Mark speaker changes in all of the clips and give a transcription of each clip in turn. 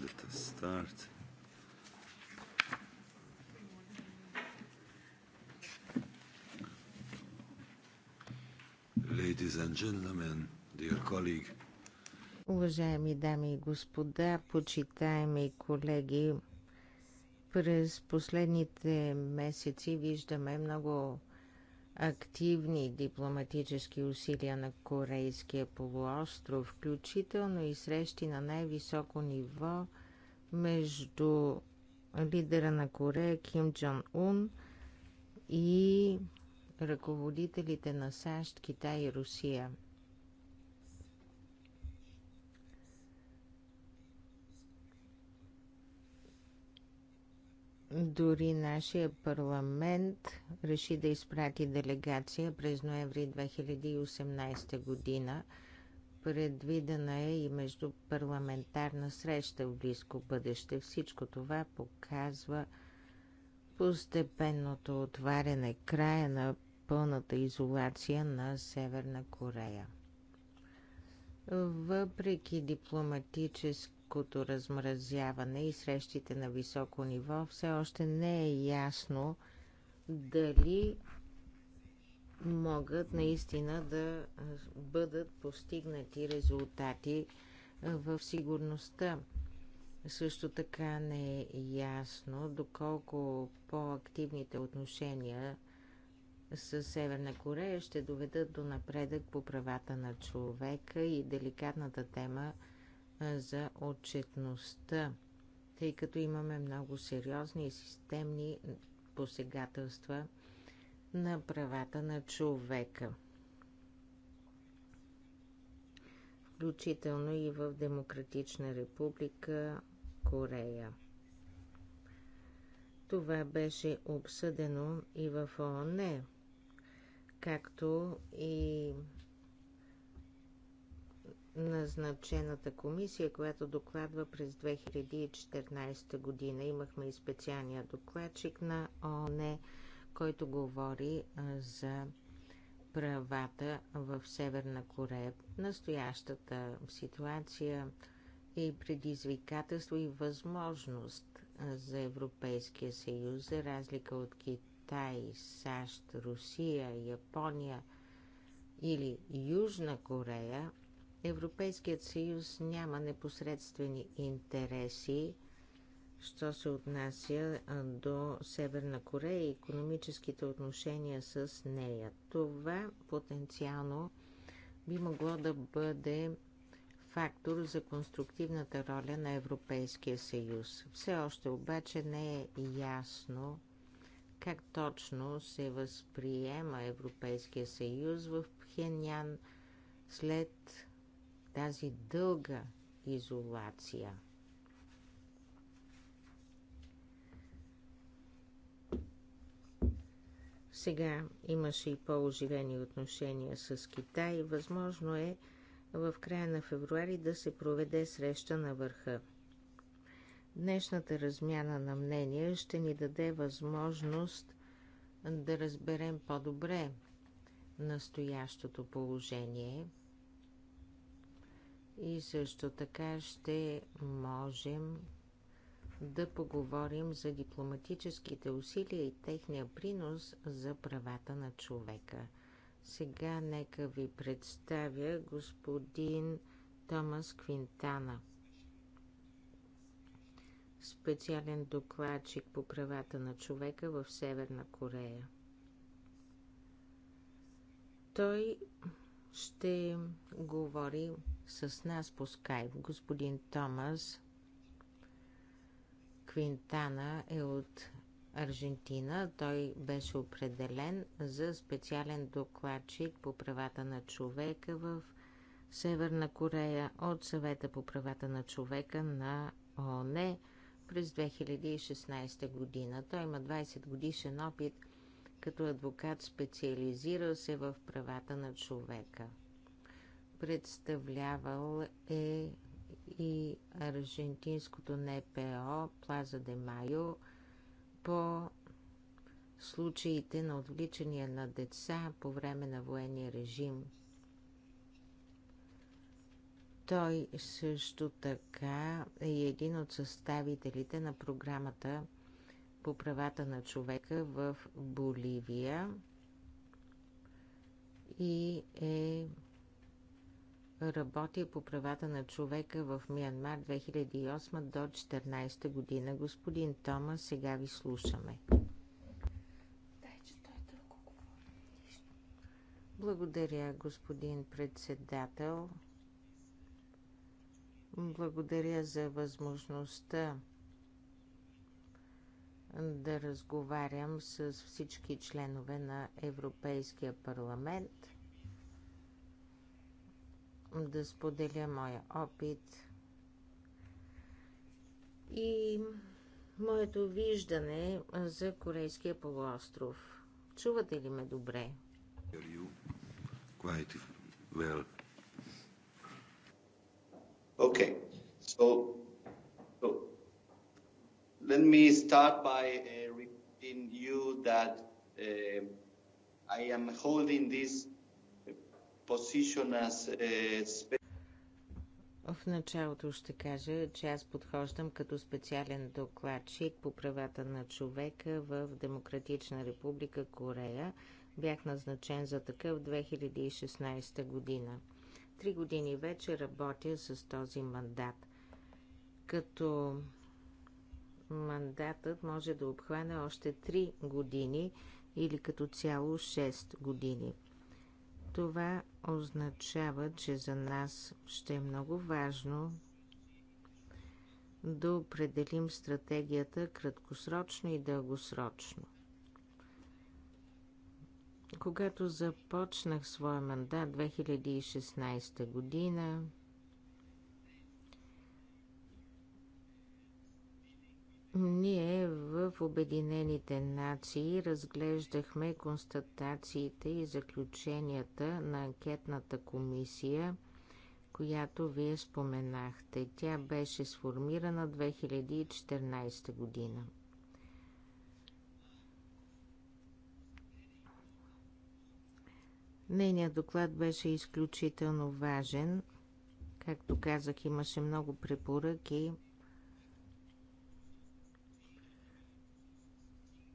Speaker 1: let us start. Ladies and gentlemen, dear colleague.
Speaker 2: Уважаеми дами и господа, почитаеми колеги, през последните месеци виждаме много активни дипломатически усилия на Корейския полуостров, включително и срещи на най-високо ниво между лидера на Корея Ким Джон Ун и ръководителите на САЩ, Китай и Русия – Дори нашия парламент реши да изпрати делегация през ноември 2018 година. Предвидена е и междупарламентарна среща в близко бъдеще. Всичко това показва постепенното отваряне края на пълната изолация на Северна Корея. Въпреки дипломатически руското размразяване и срещите на високо ниво, все още не е ясно дали могат наистина да бъдат постигнати резултати в сигурността. Също така не е ясно доколко по-активните отношения с Северна Корея ще доведат до напредък по правата на човека и деликатната тема – за отчетността, тъй като имаме много сериозни и системни посегателства на правата на човека. Включително и в Демократична република Корея. Това беше обсъдено и в ООН, както и назначената комисия, която докладва през 2014 година. Имахме и специалния докладчик на ООН, който говори за правата в Северна Корея. Настоящата ситуация е и предизвикателство и възможност за Европейския съюз, за разлика от Китай, САЩ, Русия, Япония или Южна Корея – Европейският съюз няма непосредствени интереси, що се отнася до Северна Корея и економическите отношения с нея. Това потенциално би могло да бъде фактор за конструктивната роля на Европейския съюз. Все още обаче не е ясно как точно се възприема Европейския съюз в Пхенян след тази дълга изолация. Сега имаше и по-оживени отношения с Китай. Възможно е в края на февруари да се проведе среща на върха. Днешната размяна на мнения ще ни даде възможност да разберем по-добре настоящото положение – и също така ще можем да поговорим за дипломатическите усилия и техния принос за правата на човека. Сега нека ви представя господин Томас Квинтана, специален докладчик по правата на човека в Северна Корея. Той ще говори с нас по скайп. Господин Томас Квинтана е от Аржентина. Той беше определен за специален докладчик по правата на човека в Северна Корея от съвета по правата на човека на ООН през 2016 година. Той има 20 годишен опит като адвокат, специализирал се в правата на човека. Представлявал е и аржентинското НПО Плаза де Майо по случаите на отвличания на деца по време на военния режим. Той също така е един от съставителите на програмата по правата на човека в Боливия и е работи по правата на човека в Миянмар 2008 до 2014 година. Господин Тома, сега ви слушаме. Благодаря, господин председател. Благодаря за възможността да разговарям с всички членове на Европейския парламент да споделя моя опит и моето виждане за Корейския полуостров. Чувате ли ме добре?
Speaker 1: well.
Speaker 3: Okay, so, so let me start by uh, reminding you that uh, I am holding this position as a eh,
Speaker 2: в началото ще кажа, че аз подхождам като специален докладчик по правата на човека в Демократична република Корея. Бях назначен за такъв 2016 година. Три години вече работя с този мандат. Като мандатът може да обхване още 3 години или като цяло 6 години. Това означава, че за нас ще е много важно да определим стратегията краткосрочно и дългосрочно. Когато започнах своя мандат 2016 година, Ние в Обединените нации разглеждахме констатациите и заключенията на анкетната комисия, която вие споменахте. Тя беше сформирана 2014 година. Нейният доклад беше изключително важен. Както казах, имаше много препоръки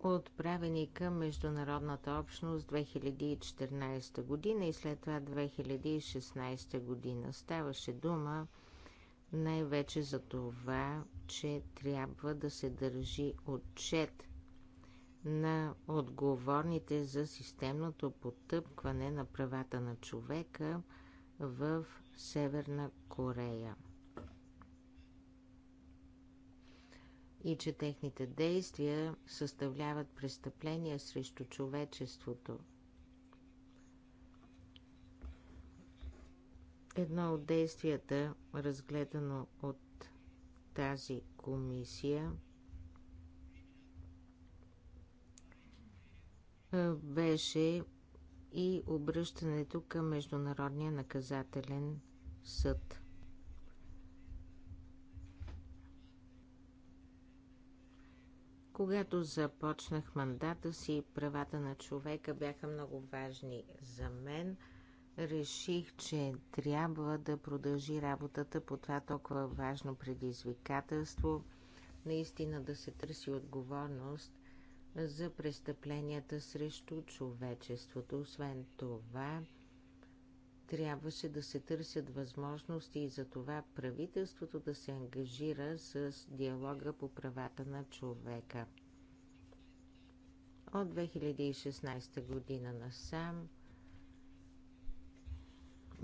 Speaker 2: отправени към международната общност 2014 година и след това 2016 година. Ставаше дума най-вече за това, че трябва да се държи отчет на отговорните за системното потъпкване на правата на човека в Северна Корея – и че техните действия съставляват престъпления срещу човечеството. Едно от действията, разгледано от тази комисия, беше и обръщането към Международния наказателен съд. Когато започнах мандата си, правата на човека бяха много важни за мен. Реших, че трябва да продължи работата по това толкова важно предизвикателство, наистина да се търси отговорност за престъпленията срещу човечеството. Освен това, трябваше да се търсят възможности и за това правителството да се ангажира с диалога по правата на човека. От 2016 година насам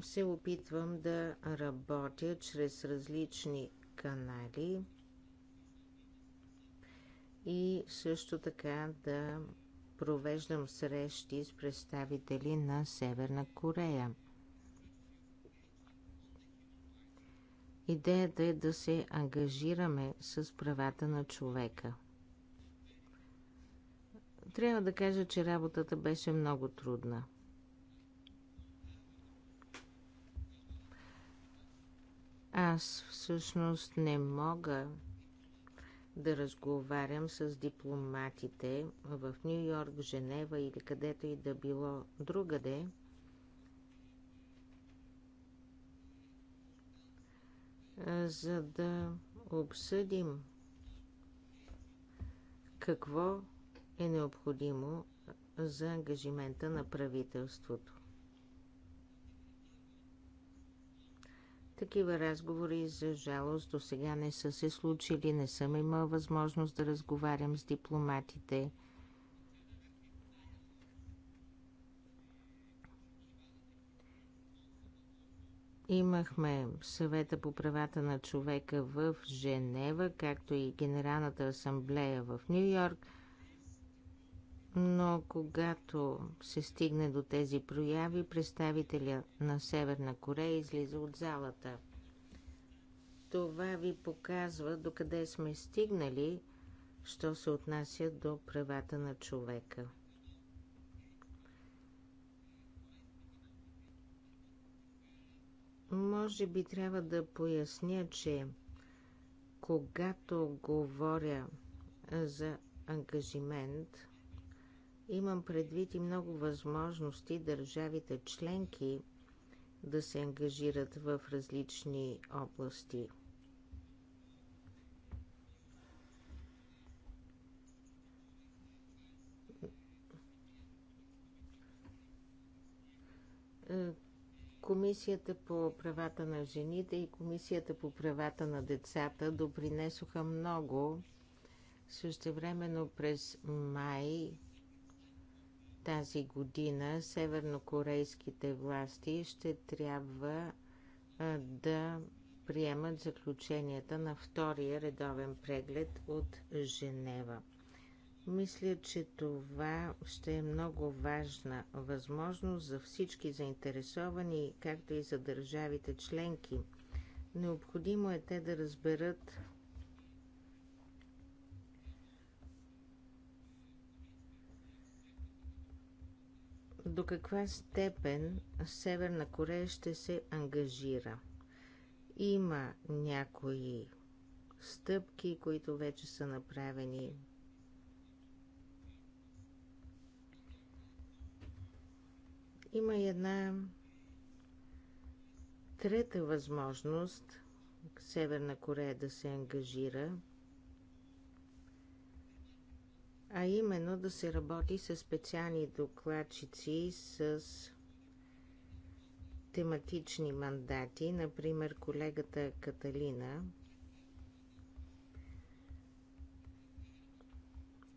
Speaker 2: се опитвам да работя чрез различни канали и също така да провеждам срещи с представители на Северна Корея. Идеята е да се ангажираме с правата на човека. Трябва да кажа, че работата беше много трудна. Аз всъщност не мога да разговарям с дипломатите в Нью Йорк, Женева или където и да било другаде, за да обсъдим какво е необходимо за ангажимента на правителството. Такива разговори, за жалост, до сега не са се случили, не съм имал възможност да разговарям с дипломатите – Имахме съвета по правата на човека в Женева, както и Генералната асамблея в Нью Йорк. Но когато се стигне до тези прояви, представителя на Северна Корея излиза от залата. Това ви показва докъде сме стигнали, що се отнася до правата на човека. Може би трябва да поясня, че когато говоря за ангажимент, имам предвид и много възможности държавите членки да се ангажират в различни области. Комисията по правата на жените и Комисията по правата на децата допринесоха много. Същевременно през май тази година севернокорейските власти ще трябва да приемат заключенията на втория редовен преглед от Женева. Мисля, че това ще е много важна възможност за всички заинтересовани, както и за държавите членки. Необходимо е те да разберат до каква степен Северна Корея ще се ангажира. Има някои стъпки, които вече са направени Има и една трета възможност Северна Корея да се ангажира, а именно да се работи с специални докладчици с тематични мандати, например колегата Каталина.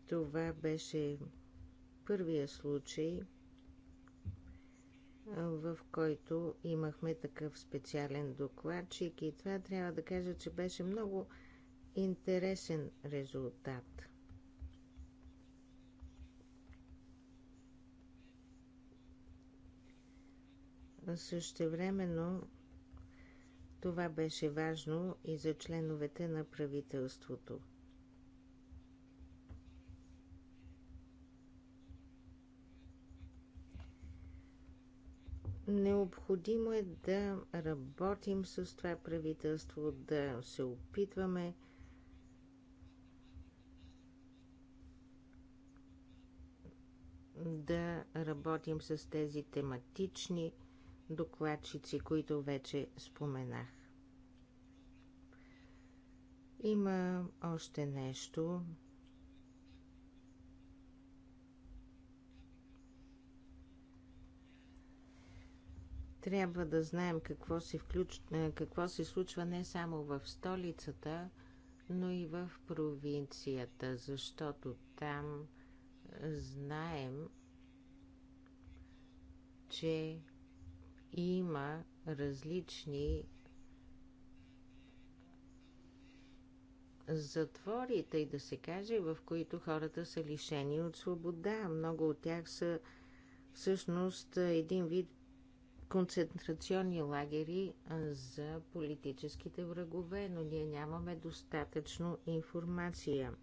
Speaker 2: Това беше първия случай – в който имахме такъв специален докладчик и това трябва да кажа, че беше много интересен резултат. времено това беше важно и за членовете на правителството – Необходимо е да работим с това правителство, да се опитваме да работим с тези тематични докладчици, които вече споменах. Има още нещо, Трябва да знаем какво се, включ... Е, какво се случва не само в столицата, но и в провинцията, защото там е, знаем, че има различни затвори, тъй да се каже, в които хората са лишени от свобода. Много от тях са всъщност е, един вид концентрационни лагери за политическите врагове, но ние нямаме достатъчно информация.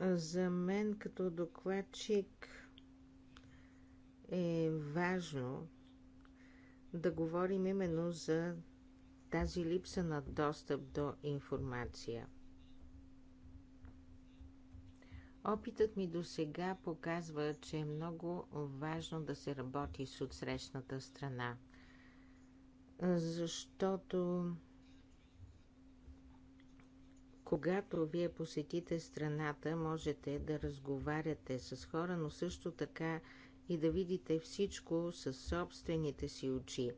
Speaker 2: За мен като докладчик е важно да говорим именно за тази липса на достъп до информация – Опитът ми до сега показва, че е много важно да се работи с отсрещната страна, защото когато вие посетите страната, можете да разговаряте с хора, но също така и да видите всичко със собствените си очи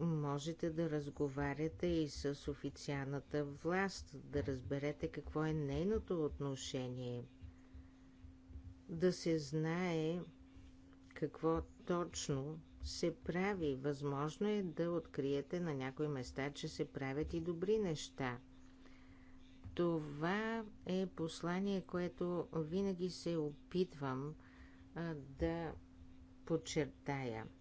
Speaker 2: можете да разговаряте и с официалната власт, да разберете какво е нейното отношение, да се знае какво точно се прави. Възможно е да откриете на някои места, че се правят и добри неща. Това е послание, което винаги се опитвам а, да подчертая –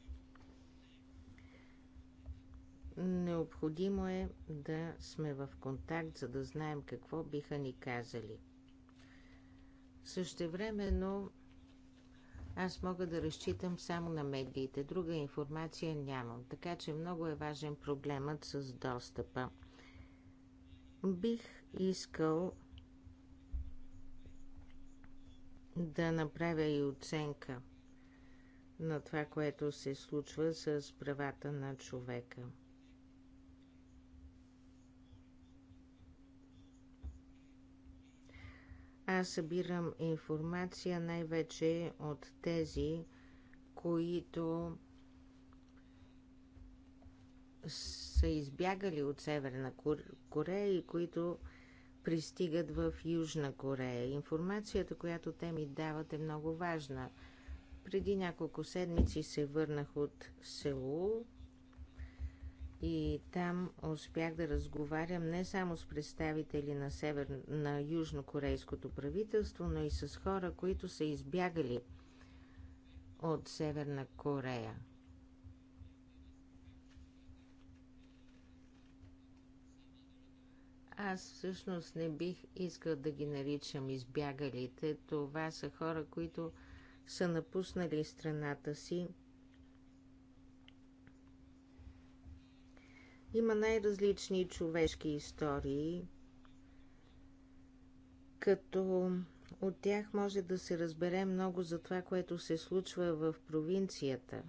Speaker 2: Необходимо е да сме в контакт, за да знаем какво биха ни казали. Същевременно аз мога да разчитам само на медиите. Друга информация нямам, така че много е важен проблемът с достъпа. Бих искал да направя и оценка на това, което се случва с правата на човека – Аз събирам информация най-вече от тези, които са избягали от Северна Корея и които пристигат в Южна Корея. Информацията, която те ми дават е много важна. Преди няколко седмици се върнах от Сеул, и там успях да разговарям не само с представители на, север, на южнокорейското правителство, но и с хора, които са избягали от Северна Корея. Аз всъщност не бих искал да ги наричам избягалите. Това са хора, които са напуснали страната си Има най-различни човешки истории, като от тях може да се разбере много за това, което се случва в провинцията.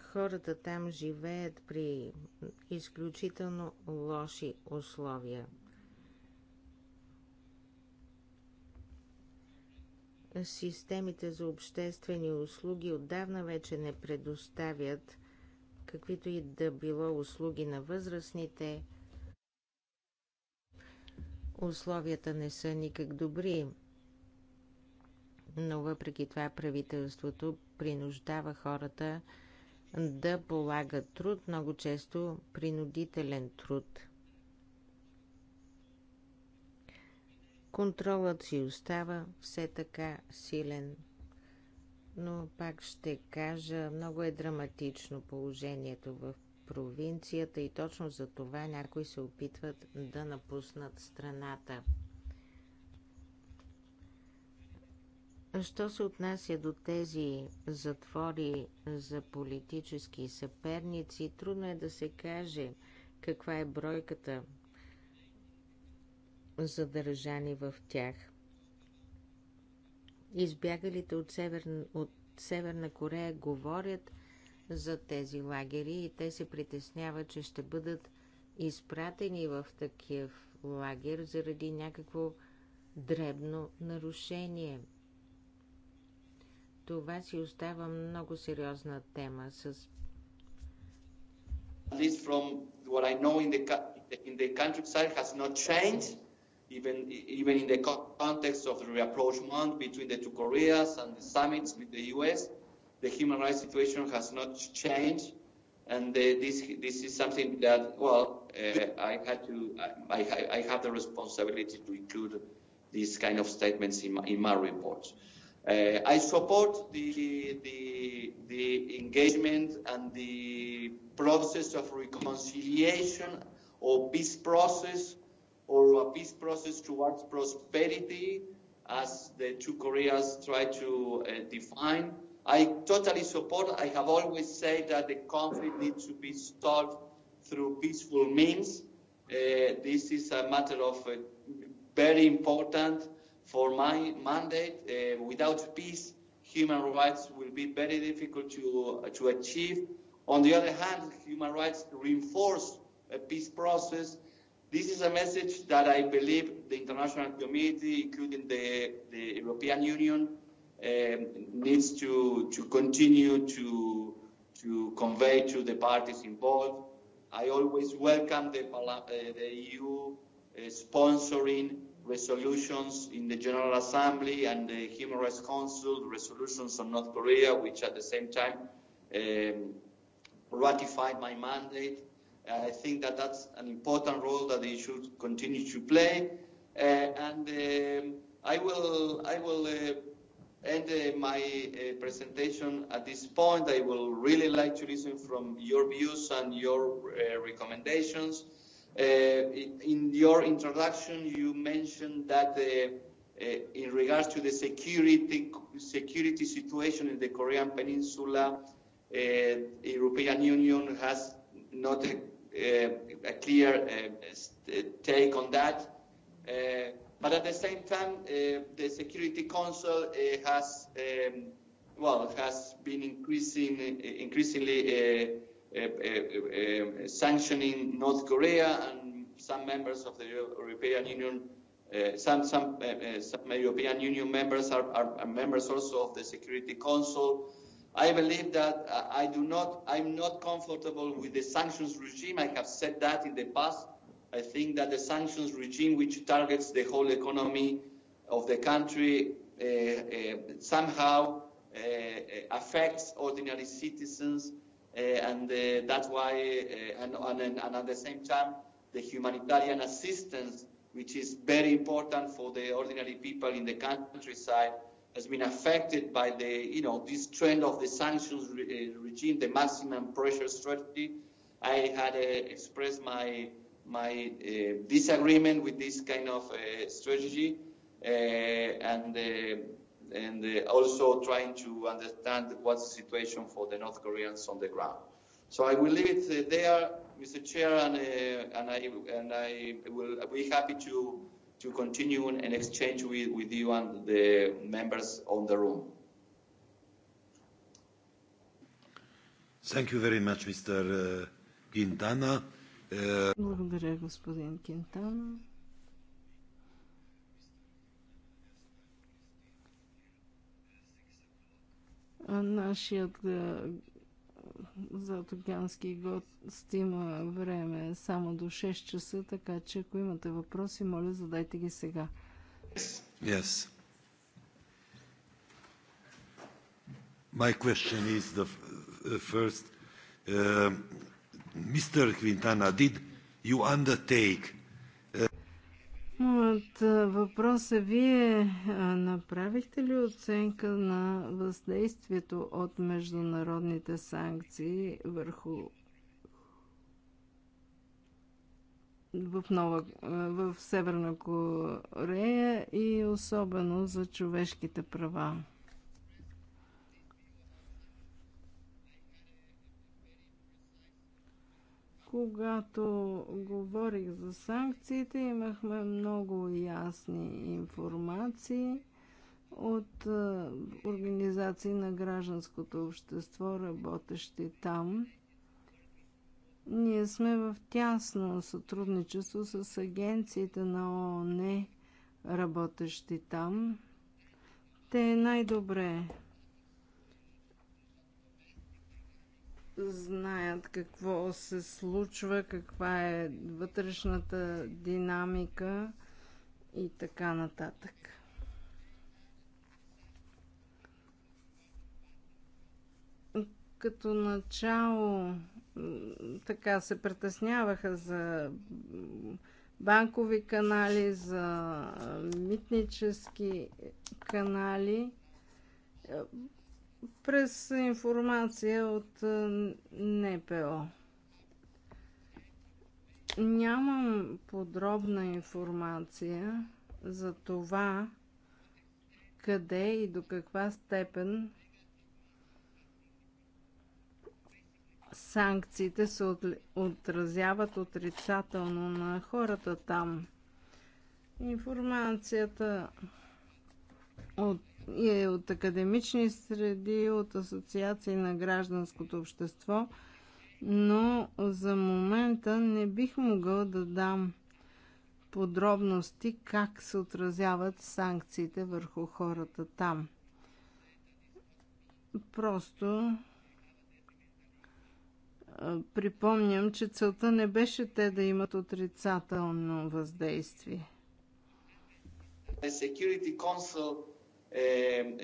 Speaker 2: Хората там живеят при изключително лоши условия – системите за обществени услуги отдавна вече не предоставят каквито и да било услуги на възрастните. Условията не са никак добри, но въпреки това правителството принуждава хората да полагат труд, много често принудителен труд – Контролът си остава все така силен. Но пак ще кажа, много е драматично положението в провинцията и точно за това някои се опитват да напуснат страната. Що се отнася до тези затвори за политически съперници, трудно е да се каже каква е бройката задържани в тях. Избягалите от, север, от Северна Корея говорят за тези лагери и те се притесняват, че ще бъдат изпратени в такъв лагер заради някакво дребно нарушение. Това си остава много сериозна тема с
Speaker 3: least from what I know in the, in the countryside has not changed even even in the context of the reapproachment between the two Koreas and the summits with the U.S., the human rights situation has not changed, and the, this this is something that well uh, I had to I, I have the responsibility to include these kind of statements in my, in my report. Uh, I support the, the the engagement and the process of reconciliation or peace process or a peace process towards prosperity, as the two Koreas try to uh, define. I totally support. I have always said that the conflict needs to be solved through peaceful means. Uh, this is a matter of uh, very important for my mandate. Uh, without peace, human rights will be very difficult to, uh, to achieve. On the other hand, human rights reinforce a peace process This is a message that I believe the international community, including the, the European Union, um, needs to, to continue to, to convey to the parties involved. I always welcome the, uh, the EU uh, sponsoring resolutions in the General Assembly and the Human Rights Council, resolutions on North Korea, which at the same time um, ratified my mandate I think that that's an important role that they should continue to play. Uh, and um, I will, I will uh, end uh, my uh, presentation at this point. I will really like to listen from your views and your uh, recommendations. Uh, in your introduction, you mentioned that uh, uh, in regards to the security security situation in the Korean Peninsula, uh, European Union has not uh a clear uh take on that. Uh But at the same time, uh the Security Council uh has um, well has been increasing increasingly uh uh uh sanctioning North Korea and some members of the European Union uh, some some, uh, some European Union members are, are, are members also of the Security Council. I believe that I do not, I'm not comfortable with the sanctions regime. I have said that in the past. I think that the sanctions regime, which targets the whole economy of the country, uh, uh, somehow uh, affects ordinary citizens, uh, and uh, that's why, uh, and, and, and at the same time, the humanitarian assistance, which is very important for the ordinary people in the countryside, has been affected by the, you know, this trend of the sanctions re- regime, the maximum pressure strategy. I had uh, expressed my my uh, disagreement with this kind of uh, strategy, uh, and uh, and uh, also trying to understand what's the situation for the North Koreans on the ground. So I will leave it there, Mr. Chair, and uh, and I and I will be happy to to continue an exchange with, with you and the members on the room.
Speaker 1: Thank you very much, Mr. Quintana. Uh...
Speaker 4: Нашият за токиански гост има време само до 6 часа, така че ако имате въпроси, моля задайте ги сега.
Speaker 1: Yes. My question is the uh, first. Uh, Mr. Quintana, did you undertake
Speaker 4: от въпроса вие направихте ли оценка на въздействието от международните санкции върху в, Нова, в Северна Корея и особено за човешките права? Когато говорих за санкциите, имахме много ясни информации от е, организации на гражданското общество, работещи там. Ние сме в тясно сътрудничество с агенциите на ООН, работещи там. Те най-добре знаят какво се случва, каква е вътрешната динамика и така нататък. Като начало така се притесняваха за банкови канали, за митнически канали през информация от е, НПО. Нямам подробна информация за това къде и до каква степен санкциите се отразяват отрицателно на хората там. Информацията от и е от академични среди, от асоциации на гражданското общество, но за момента не бих могъл да дам подробности как се отразяват санкциите върху хората там. Просто припомням, че целта не беше те да имат отрицателно въздействие.
Speaker 3: The Security Council Um,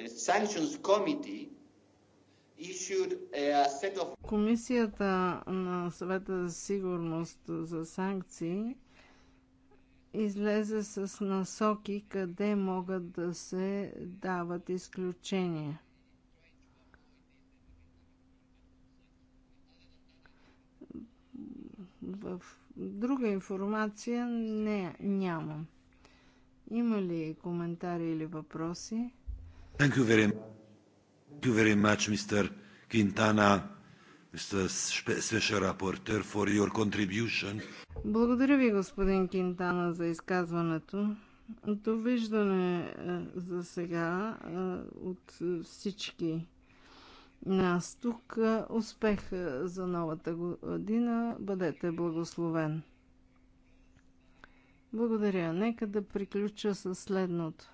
Speaker 3: uh,
Speaker 4: Комисията на съвета за сигурност за санкции излезе с насоки къде могат да се дават изключения. В друга информация не, нямам. Има ли коментари или въпроси?
Speaker 1: Thank you very, thank you very much, Mr. Quintana, Mr. Special Rapporteur, for your contribution.
Speaker 4: Благодаря ви, господин Кинтана, за изказването. Довиждане е, за сега е, от всички нас тук. Е, успех за новата година. Бъдете благословен! Благодаря. Нека да приключа с следното.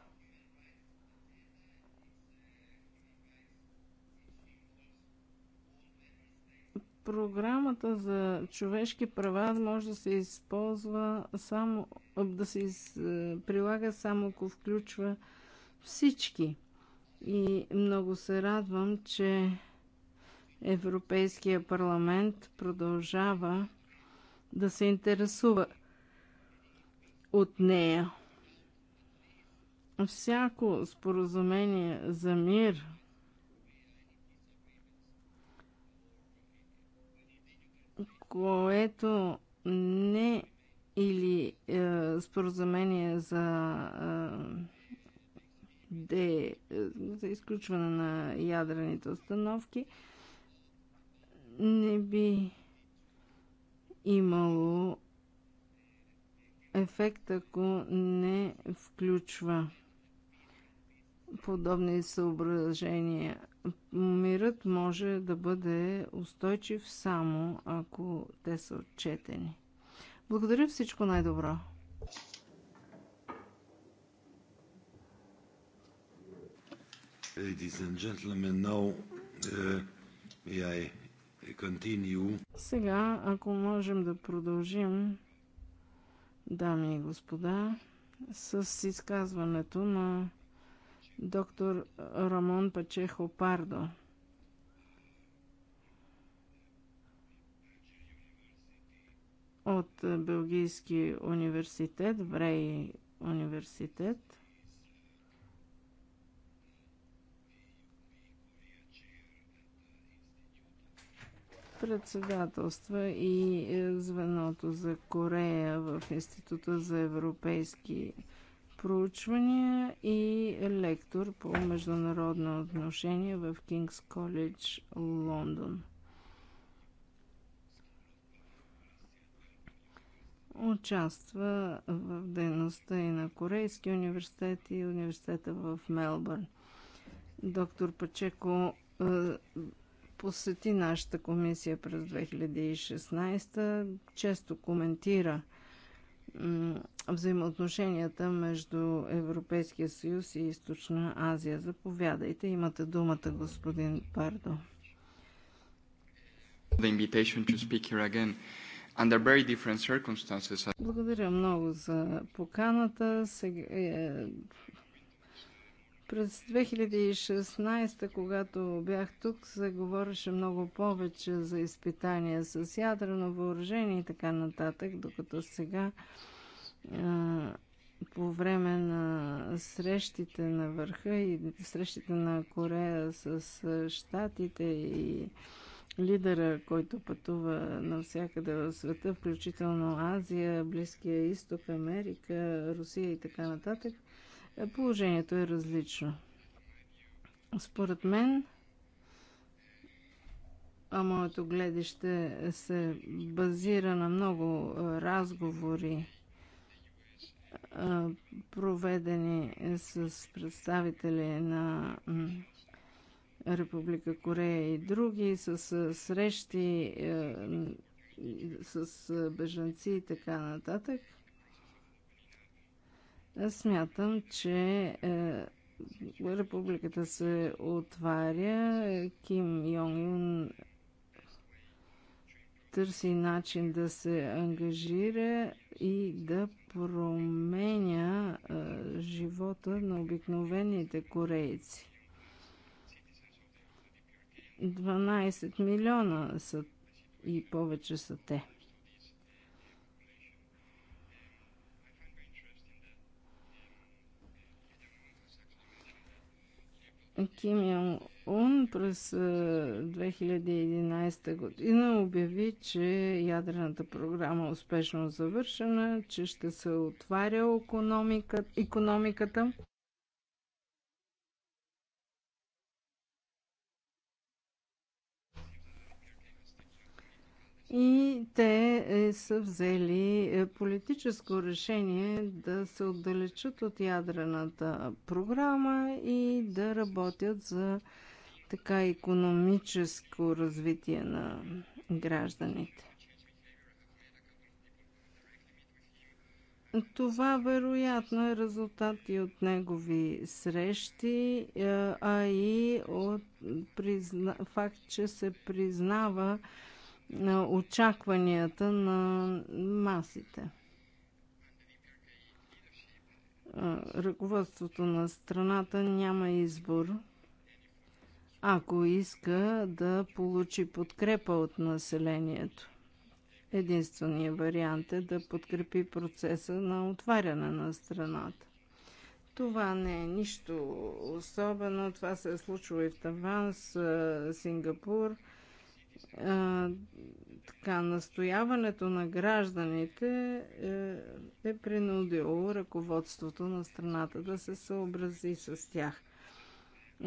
Speaker 4: Програмата за човешки права може да се използва само, да се из, е, прилага само ако включва всички. И много се радвам, че Европейския парламент продължава да се интересува от нея. Всяко споразумение за мир което не или е, споразумение за, е, де, е, за изключване на ядрените установки не би имало ефект, ако не включва подобни съображения. Мирът може да бъде устойчив само ако те са отчетени. Благодаря всичко най-добро!
Speaker 1: Ladies and gentlemen, now uh, may I continue?
Speaker 4: Сега, ако можем да продължим дами и господа, с изказването на доктор Рамон Пачехо Пардо. от Белгийски университет, Врей университет – председателства и е, звеното за Корея в Института за европейски проучвания и лектор по международно отношение в Кингс Коледж, Лондон. Участва в дейността и на Корейски университет и университета в Мелбърн. Доктор Пачеко е, посети нашата комисия през 2016, често коментира взаимоотношенията между Европейския съюз и Източна Азия. Заповядайте, имате думата, господин Пардо. Благодаря много за поканата. Сега, е, през 2016, когато бях тук, се говореше много повече за изпитания с ядрено въоръжение и така нататък, докато сега по време на срещите на върха и срещите на Корея с щатите и лидера, който пътува навсякъде в света, включително Азия, Близкия изток, Америка, Русия и така нататък – положението е различно. Според мен, а моето гледище се базира на много разговори, проведени с представители на Република Корея и други, с срещи с бежанци и така нататък – Смятам, че е, републиката се отваря. Ким Йонг Юн търси начин да се ангажира и да променя е, живота на обикновените корейци. 12 милиона са и повече са те. Ким Йон Ун през 2011 година обяви, че ядрената програма е успешно завършена, че ще се отваря економиката, и те е, са взели е, политическо решение да се отдалечат от ядрената програма и да работят за така економическо развитие на гражданите. Това вероятно е резултат и от негови срещи, е, а и от призна... факт, че се признава на очакванията на масите. Ръководството на страната няма избор, ако иска да получи подкрепа от населението. Единственият вариант е да подкрепи процеса на отваряне на страната. Това не е нищо особено. Това се е случило и в Таван, с Сингапур – а, така, настояването на гражданите е, е принудило ръководството на страната да се съобрази с тях.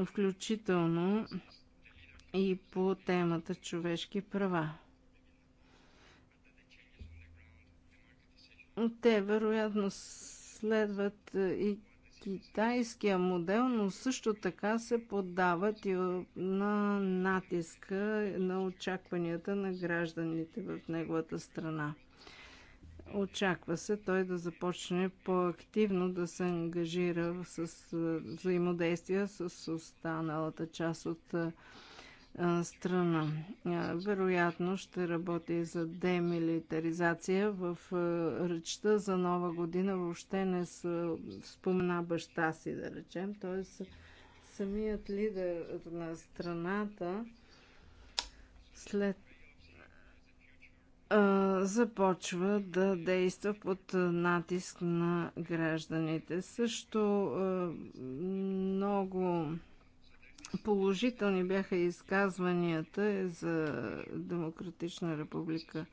Speaker 4: Включително и по темата човешки права. Те вероятно следват е, и китайския модел, но също така се поддават и на натиска на очакванията на гражданите в неговата страна. Очаква се той да започне по-активно да се ангажира с взаимодействия с останалата част от страна. Вероятно ще работи за демилитаризация. В речта за нова година въобще не спомена баща си, да речем. т.е. самият лидер на страната след започва да действа под натиск на гражданите. Също много Положителни бяха изказванията за Демократична република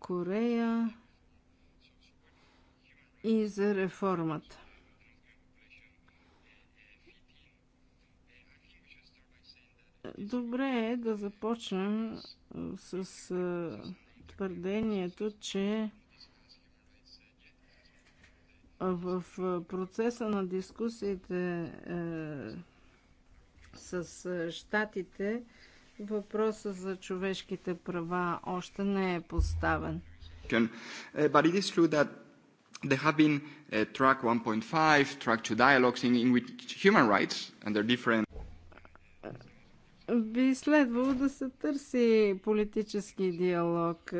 Speaker 4: Корея и за реформата. Добре е да започнем с твърдението, че в процеса на дискусиите е, с щатите въпроса за човешките права още не е поставен.
Speaker 3: Uh, but it is true that there have been uh, track 1.5, track 2 dialogues in, in which human rights different
Speaker 4: би следвало да се търси политически диалог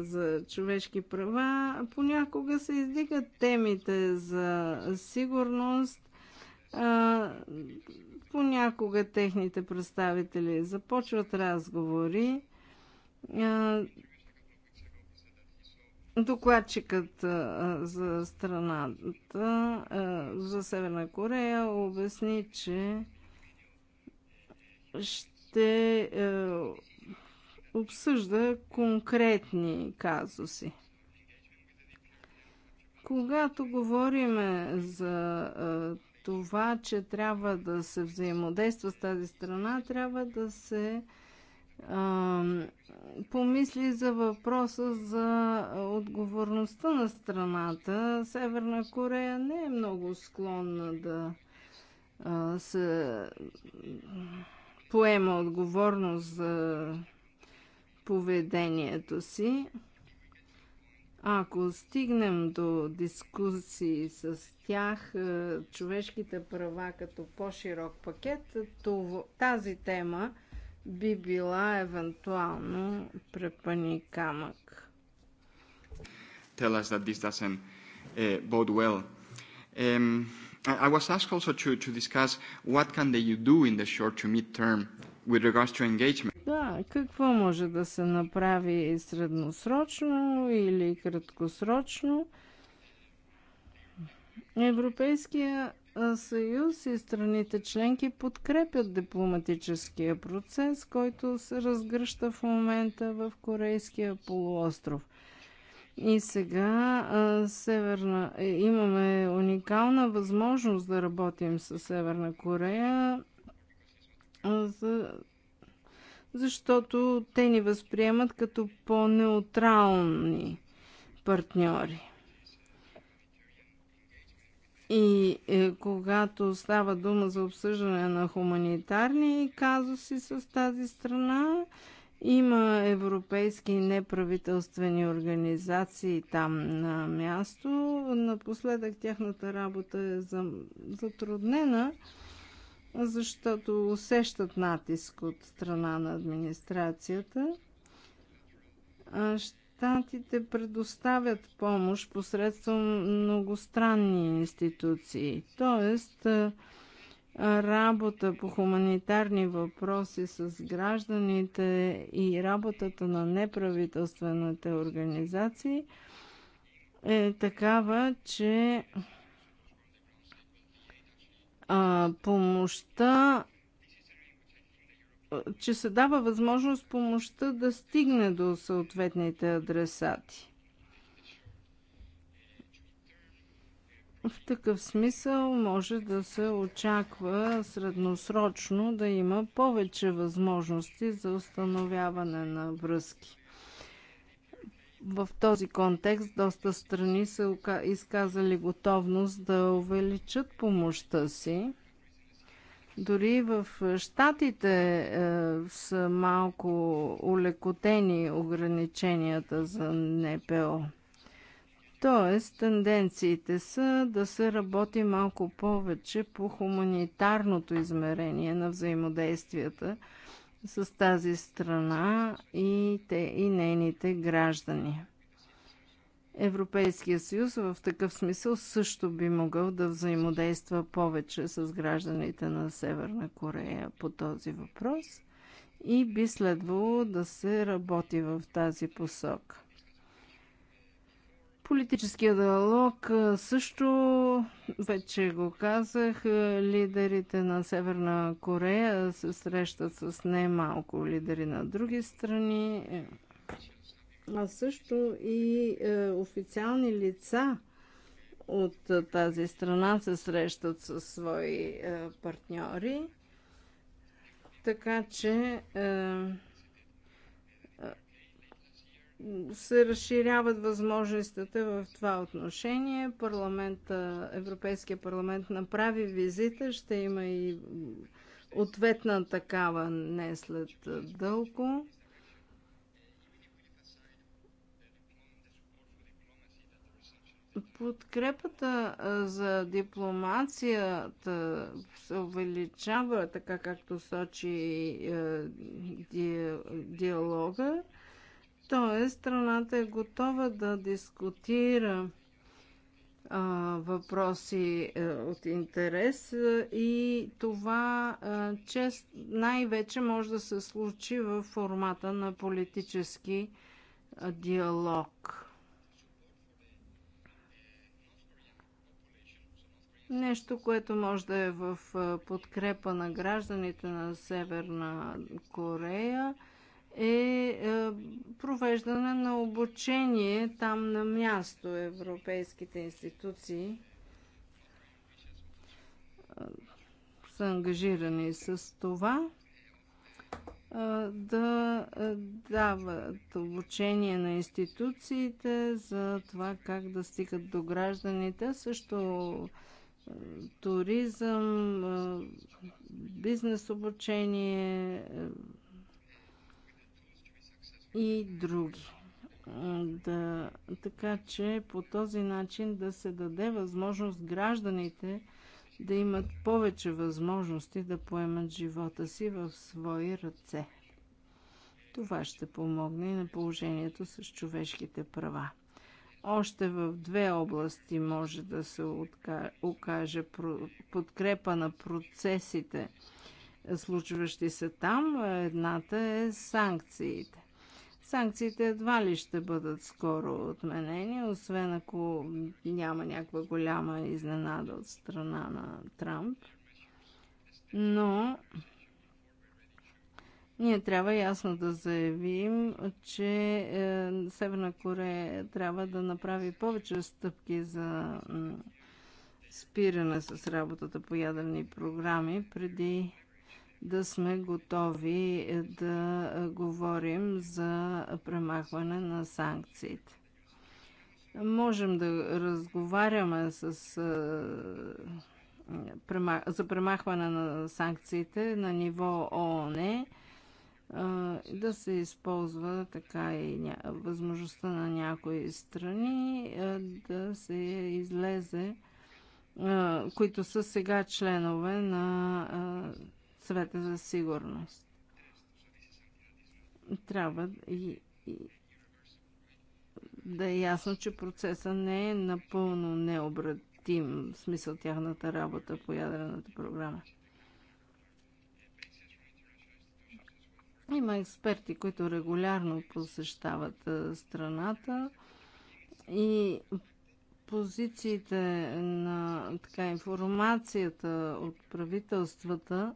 Speaker 4: за човешки права. Понякога се издигат темите за сигурност, понякога техните представители започват разговори. Докладчикът за страната, за Северна Корея, обясни, че ще е, обсъжда конкретни казуси. Когато говорим за е, това, че трябва да се взаимодейства с тази страна, трябва да се а, помисли за въпроса за отговорността на страната. Северна Корея не е много склонна да а, се поема отговорност за поведението си. Ако стигнем до дискусии с тях, човешките права като по-широк пакет, то тази тема би била евентуално препани камък.
Speaker 3: Tell us that this doesn't uh, bode well. Um, I was asked also to, to discuss what can they do in the short to mid term with regards to engagement.
Speaker 4: Да, какво може да се направи средносрочно или краткосрочно? Европейския съюз и страните членки подкрепят дипломатическия процес, който се разгръща в момента в Корейския полуостров. И сега а, Северна, е, имаме уникална възможност да работим с Северна Корея за защото те ни възприемат като по-неутрални партньори. И е, когато става дума за обсъждане на хуманитарни казуси с тази страна, има европейски неправителствени организации там на място. Напоследък тяхната работа е затруднена. За защото усещат натиск от страна на администрацията. Штатите предоставят помощ посредством многостранни институции, т.е. работа по хуманитарни въпроси с гражданите и работата на неправителствените организации е такава, че а, помощта, че се дава възможност помощта да стигне до съответните адресати. В такъв смисъл може да се очаква средносрочно да има повече възможности за установяване на връзки. В този контекст доста страни са изказали готовност да увеличат помощта си. Дори в Штатите е, са малко улекотени ограниченията за НПО. Тоест, тенденциите са да се работи малко повече по хуманитарното измерение на взаимодействията с тази страна и, те, и нейните граждани. Европейския съюз в такъв смисъл също би могъл да взаимодейства повече с гражданите на Северна Корея по този въпрос и би следвало да се работи в тази посока. Политическия диалог също, вече го казах, лидерите на Северна Корея се срещат с немалко лидери на други страни, е, а също и е, официални лица от е, тази страна се срещат със свои партньори. Така че се разширяват възможностите в това отношение. Парламента, Европейския парламент направи визита, ще има и ответна такава не след дълго. Подкрепата за дипломацията се увеличава, така както сочи диалога. Тоест, страната е готова да дискутира а, въпроси а, е, от интерес а, е, и това а, е, чест, най-вече може да се случи в формата на политически а, диалог. Нещо, което може да е в подкрепа на гражданите на Северна Корея – е, е провеждане на обучение там на място европейските институции е, са ангажирани с това е, да дават обучение на институциите за това как да стигат до гражданите, също туризъм, бизнес обучение, и други. Да, така че по този начин да се даде възможност гражданите да имат повече възможности да поемат живота си в свои ръце. Това ще помогне и на положението с човешките права. Още в две области може да се окаже подкрепа на процесите, случващи се там. Едната е санкциите. Санкциите едва ли ще бъдат скоро отменени, освен ако няма някаква голяма изненада от страна на Трамп. Но ние трябва ясно да заявим, че е, Северна Корея трябва да направи повече стъпки за спиране с работата по ядерни програми преди да сме готови е, да е, говорим за премахване на санкциите. Можем да разговаряме с, е, за премахване на санкциите на ниво ООН, да се използва така и възможността на някои страни да се излезе, които са сега членове на съвета за сигурност. Трябва и, и да е ясно, че процесът не е напълно необратим в смисъл тяхната работа по ядрената програма. Има експерти, които регулярно посещават страната и позициите на така, информацията от правителствата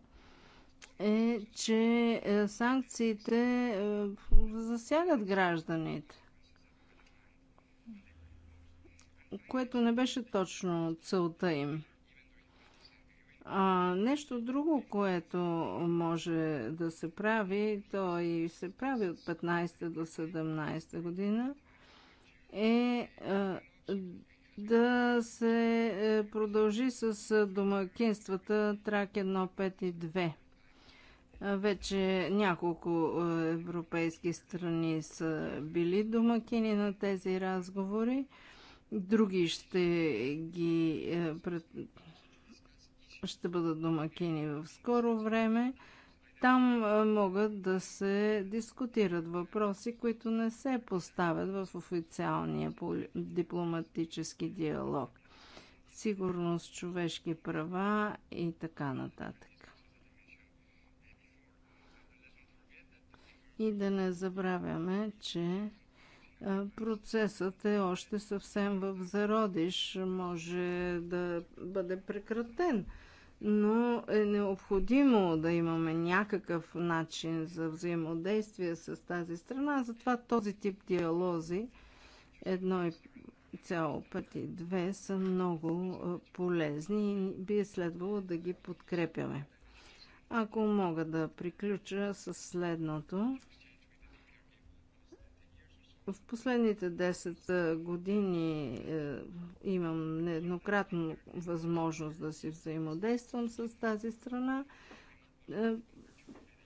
Speaker 4: е, че е, санкциите е, засягат гражданите. Което не беше точно целта им. А, нещо друго, което може да се прави, то и се прави от 15 до 17 година, е, е да се продължи с домакинствата трак 1, 5 и 2. Вече няколко европейски страни са били домакини на тези разговори. Други ще ги пред... ще бъдат домакини в скоро време. Там могат да се дискутират въпроси, които не се поставят в официалния дипломатически диалог. Сигурност, човешки права и така нататък. и да не забравяме, че процесът е още съвсем в зародиш, може да бъде прекратен, но е необходимо да имаме някакъв начин за взаимодействие с тази страна, затова този тип диалози едно и цяло пъти две са много полезни и би е следвало да ги подкрепяме. Ако мога да приключа с следното, в последните 10 години е, имам нееднократно възможност да си взаимодействам с тази страна. Е,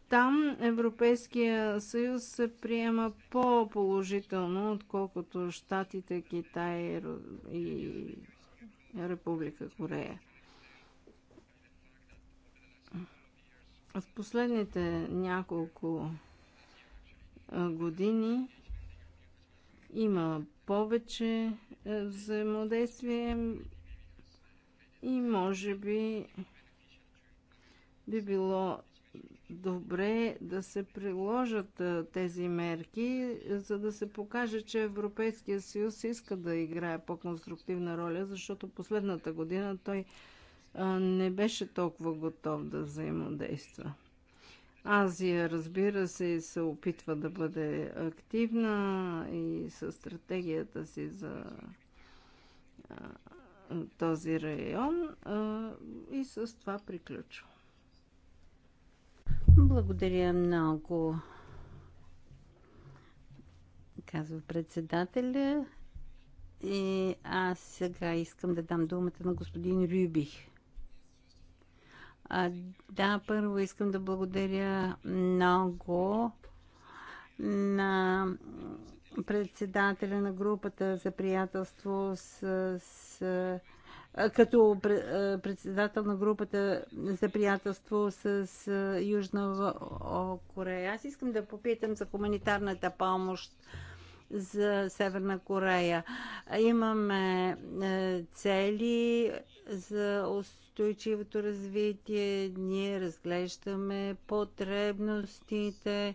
Speaker 4: там Европейския съюз се приема по-положително, отколкото Штатите, Китай и Република Корея. В последните няколко години има повече е, взаимодействие и може би би било добре да се приложат е, тези мерки, за да се покаже, че Европейския съюз иска да играе по-конструктивна роля, защото последната година той е, не беше толкова готов да взаимодейства. Азия, разбира се, се опитва да бъде активна и със стратегията си за този район. И с това приключвам.
Speaker 5: Благодаря много, казва председателя. И аз сега искам да дам думата на господин Рюбих. А, да, първо искам да благодаря много на председателя на групата за приятелство с, с като председател на групата за приятелство с Южна Корея. Аз искам да попитам за хуманитарната помощ за Северна Корея. Имаме е, цели за устойчивото развитие. Ние разглеждаме потребностите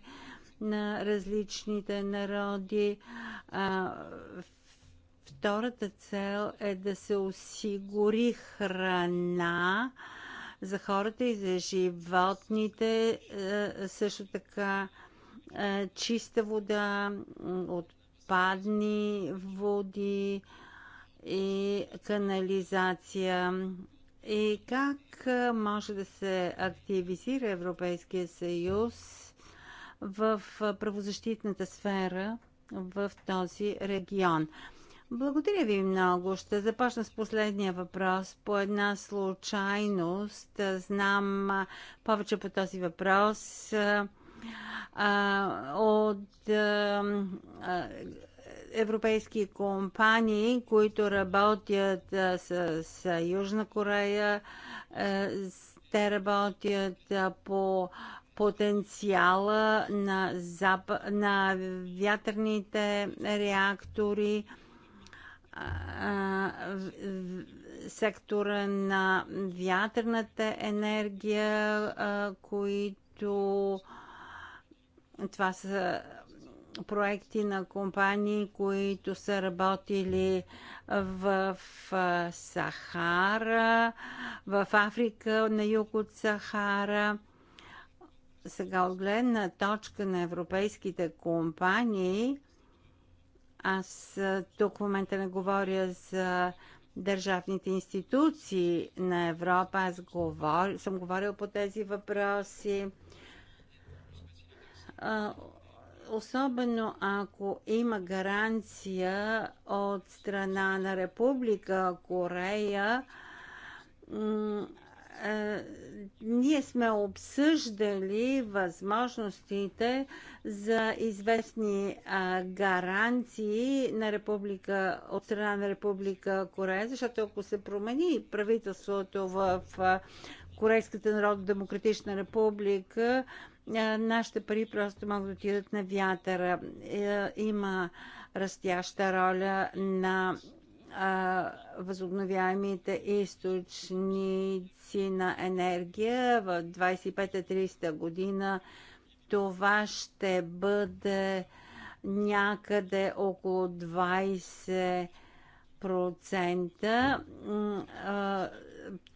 Speaker 5: на различните народи. Втората цел е да се осигури храна за хората и за животните, е, също така е, чиста вода от отпадни води и канализация. И как може да се активизира Европейския съюз в правозащитната сфера в този регион? Благодаря ви много. Ще започна с последния въпрос. По една случайност знам повече по този въпрос а, от а, европейски компании, които работят а, с, с Южна Корея. А, те работят а, по потенциала на, зап... на вятърните реактори, сектора на вятърната енергия, а, които това са проекти на компании, които са работили в, Сахара, в Африка, на юг от Сахара. Сега от гледна точка на европейските компании, аз тук в момента не говоря за държавните институции на Европа, аз говор, съм говорил по тези въпроси особено ако има гаранция от страна на Република Корея, е, ние сме обсъждали възможностите за известни гаранции на република, от страна на Република Корея, защото ако се промени правителството в Корейската народно-демократична република, нашите пари просто могат да отидат на вятъра. Е, има растяща роля на възобновяемите източници на енергия в 25-30 година това ще бъде някъде около 20%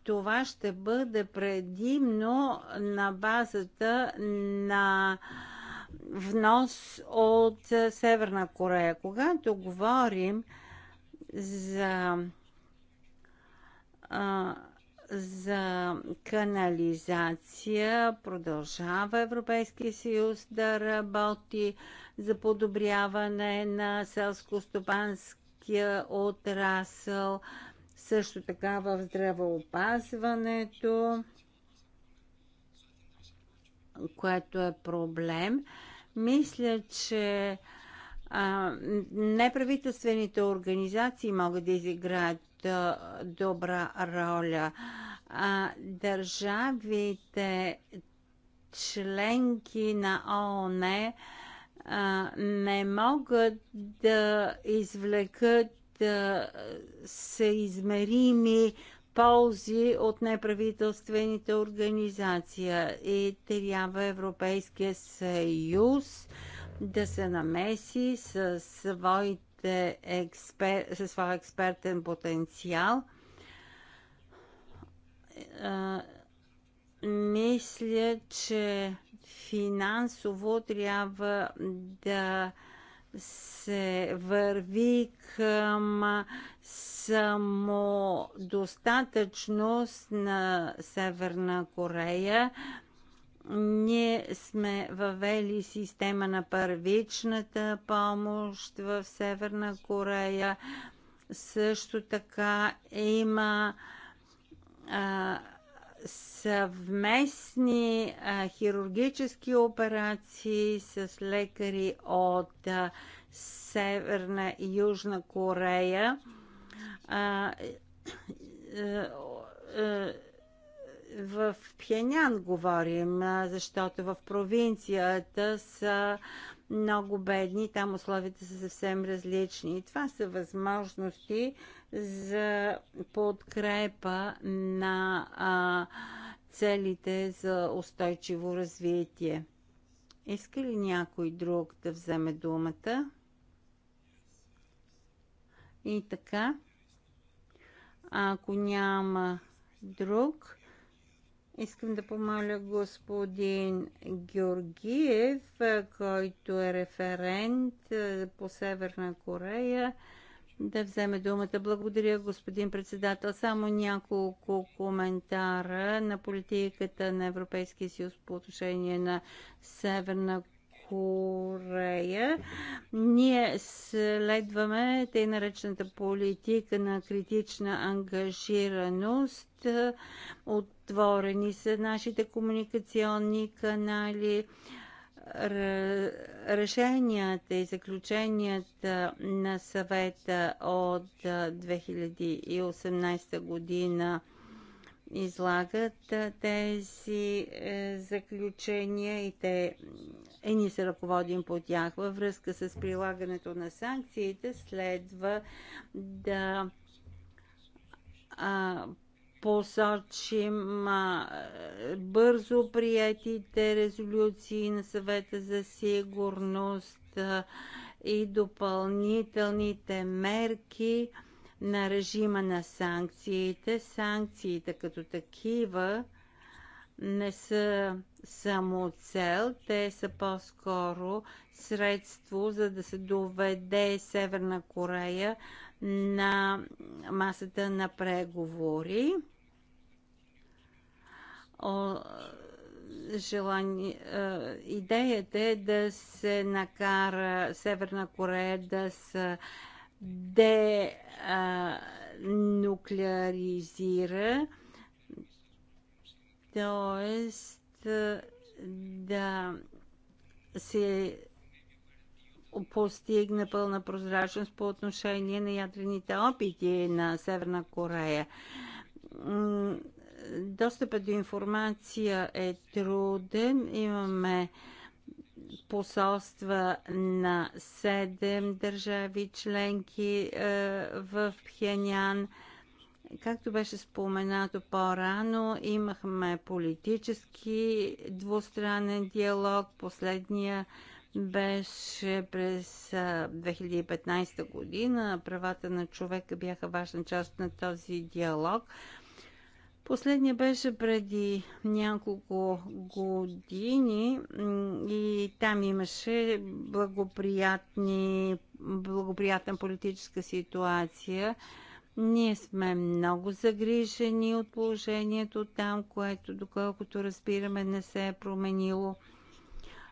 Speaker 5: това ще бъде предимно на базата на внос от Северна Корея. Когато говорим за, а, за канализация, продължава Европейския съюз да работи за подобряване на селско-стопанския отрасъл. А, също така в здравеопазването, което е проблем. Мисля, че а, неправителствените организации могат да изиграят добра роля. А, държавите членки на ООН а, не могат да извлекат да са измерими ползи от неправителствените организации и трябва Европейския съюз да се намеси със, своите експер... със своя експертен потенциал. Мисля, че финансово трябва да се върви към самодостатъчност на Северна Корея. Ние сме въвели система на първичната помощ в Северна Корея. Също така има а, съвместни а, хирургически операции с лекари от а, Северна и Южна Корея. А, в Пхенян говорим, защото в провинцията са много бедни, там условията са съвсем различни. И това са възможности, за подкрепа на а, целите за устойчиво развитие. Иска ли някой друг да вземе думата? И така, ако няма друг, искам да помоля господин Георгиев, който е референт по Северна Корея, да вземе думата. Благодаря, господин председател. Само няколко коментара на политиката на Европейския съюз по отношение на Северна Корея. Ние следваме тъй наречената политика на критична ангажираност. Отворени са нашите комуникационни канали решенията и заключенията на съвета от 2018 година излагат тези е, заключения и те и ни се ръководим по тях. Във връзка с прилагането на санкциите следва да а, посочим бързо приятите резолюции на съвета за сигурност и допълнителните мерки на режима на санкциите. Санкциите като такива не са само цел, те са по-скоро средство, за да се доведе Северна Корея на масата на преговори. О, желание, е, идеята е да се накара Северна Корея да се денуклеаризира е, Тоест да се постигне пълна прозрачност по отношение на ядрените опити на Северна Корея. Достъпът до информация е труден. Имаме посолства на седем държави членки в Пхенян Както беше споменато по-рано, имахме политически двустранен диалог. Последния беше през 2015 година. Правата на човека бяха важна част на този диалог. Последния беше преди няколко години и там имаше благоприятни, благоприятна политическа ситуация. Ние сме много загрижени от положението там, което, доколкото разбираме, не се е променило.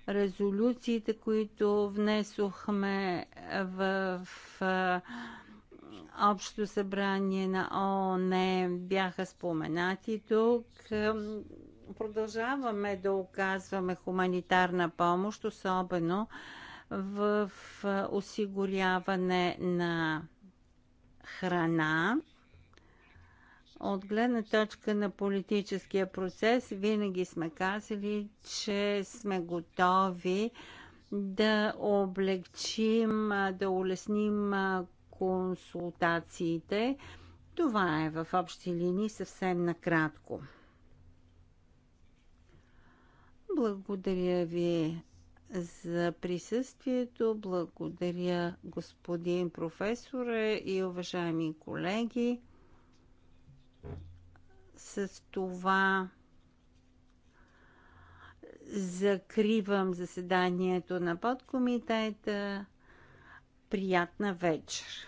Speaker 5: Резолюциите, които внесохме в, в Общо събрание на ООН бяха споменати тук. Продължаваме да оказваме хуманитарна помощ, особено в осигуряване на храна, от гледна точка на политическия процес, винаги сме казали, че сме готови да облегчим, да улесним консултациите. Това е в общи линии съвсем накратко. Благодаря ви за присъствието. Благодаря господин професоре и уважаеми колеги. С това закривам заседанието на подкомитета. Приятна вечер!